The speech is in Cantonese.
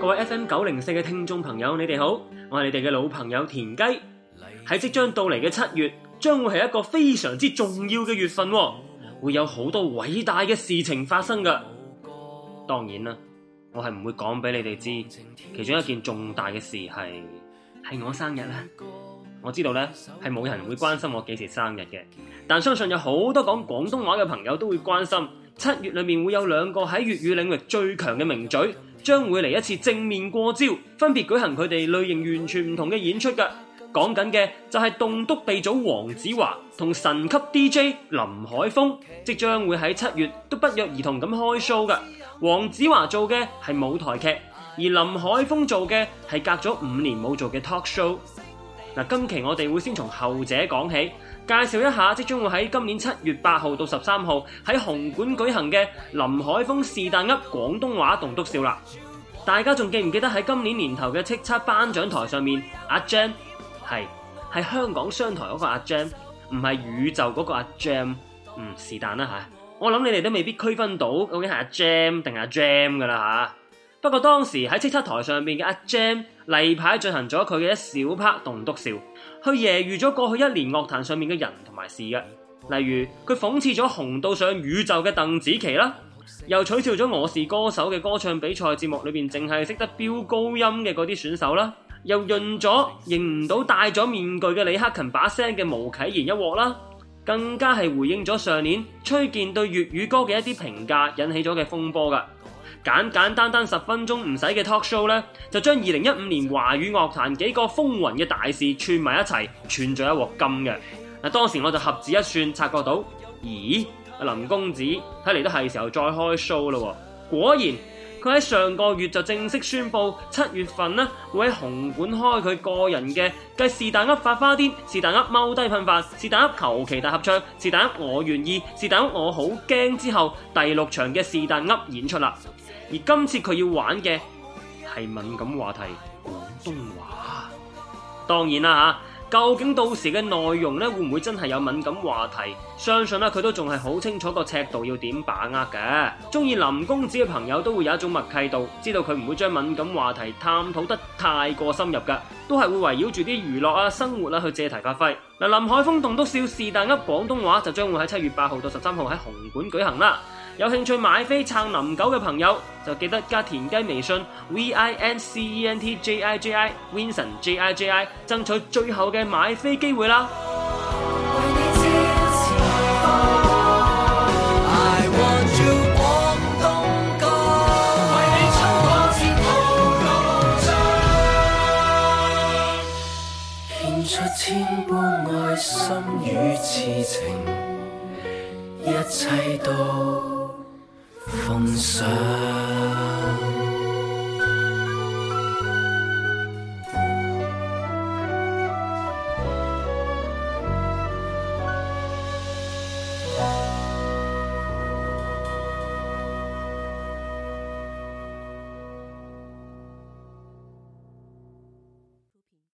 各位 FM 九零四嘅聽眾朋友，你哋好，我係你哋嘅老朋友田雞。喺即將到嚟嘅七月，將會係一個非常之重要嘅月份，哦，會有好多偉大嘅事情發生㗎。當然啦，我係唔會講俾你哋知。其中一件重大嘅事係係我生日啦。我知道咧係冇人會關心我幾時生日嘅，但相信有好多講廣東話嘅朋友都會關心。七月裏面會有兩個喺粵語領域最強嘅名嘴。將會嚟一次正面過招，分別舉行佢哋類型完全唔同嘅演出嘅。講緊嘅就係棟篤鼻祖黃子華同神級 DJ 林海峰，即將會喺七月都不約而同咁開 show 嘅。黃子華做嘅係舞台劇，而林海峰做嘅係隔咗五年冇做嘅 talk show。嗱，今期我哋會先從後者講起，介紹一下即將會喺今年七月八號到十三號喺紅館舉行嘅林海峰「是但噏」廣東話棟篤笑啦。大家仲記唔記得喺今年年頭嘅叱咤頒獎台上面，阿 Jam 係係香港商台嗰個阿 Jam，唔係宇宙嗰個阿 Jam，嗯是但啦吓，我諗你哋都未必區分到究竟係阿 Jam 定係阿 Jam 噶啦吓。不過當時喺叱咤台上面嘅阿 Jam 例牌進行咗佢嘅一小 part 棟篤笑，佢揶揄咗過去一年樂壇上面嘅人同埋事，例如佢諷刺咗紅到上宇宙嘅鄧紫棋啦，又取笑咗我是歌手嘅歌唱比賽節目裏面淨係識得飆高音嘅嗰啲選手啦，又潤咗認唔到戴咗面具嘅李克勤把聲嘅毛啟賢一鑊啦。更加係回應咗上年崔健對粵語歌嘅一啲評價引起咗嘅風波噶簡簡單單十分鐘唔使嘅 talk show 咧，就將二零一五年華語樂壇幾個風雲嘅大事串埋一齊，串咗一鑊金嘅。嗱，當時我就合指一算，察覺到，咦，阿林公子睇嚟都係時候再開 show 咯，果然。佢喺上個月就正式宣布，七月份呢，會喺紅館開佢個人嘅繼是但噏發花癲，是但噏踎低噴飯，是但噏求其大合唱，是但噏我願意，是但噏我好驚之後第六場嘅是但噏演出啦。而今次佢要玩嘅係敏感話題廣東話，當然啦吓。究竟到時嘅內容咧，會唔會真係有敏感話題？相信咧，佢都仲係好清楚個尺度要點把握嘅。中意林公子嘅朋友都會有一種默契度，知道佢唔會將敏感話題探討得太過深入㗎，都係會圍繞住啲娛樂啊、生活啦去借題發揮。嗱，林海峰棟篤笑是但噏廣東話，就將會喺七月八號到十三號喺紅館舉行啦。有興趣買飛撐林狗嘅朋友，就記得加田雞微信 v i n c e n t j i j i winson j i j i 爭取最後嘅買飛機會啦！奉上。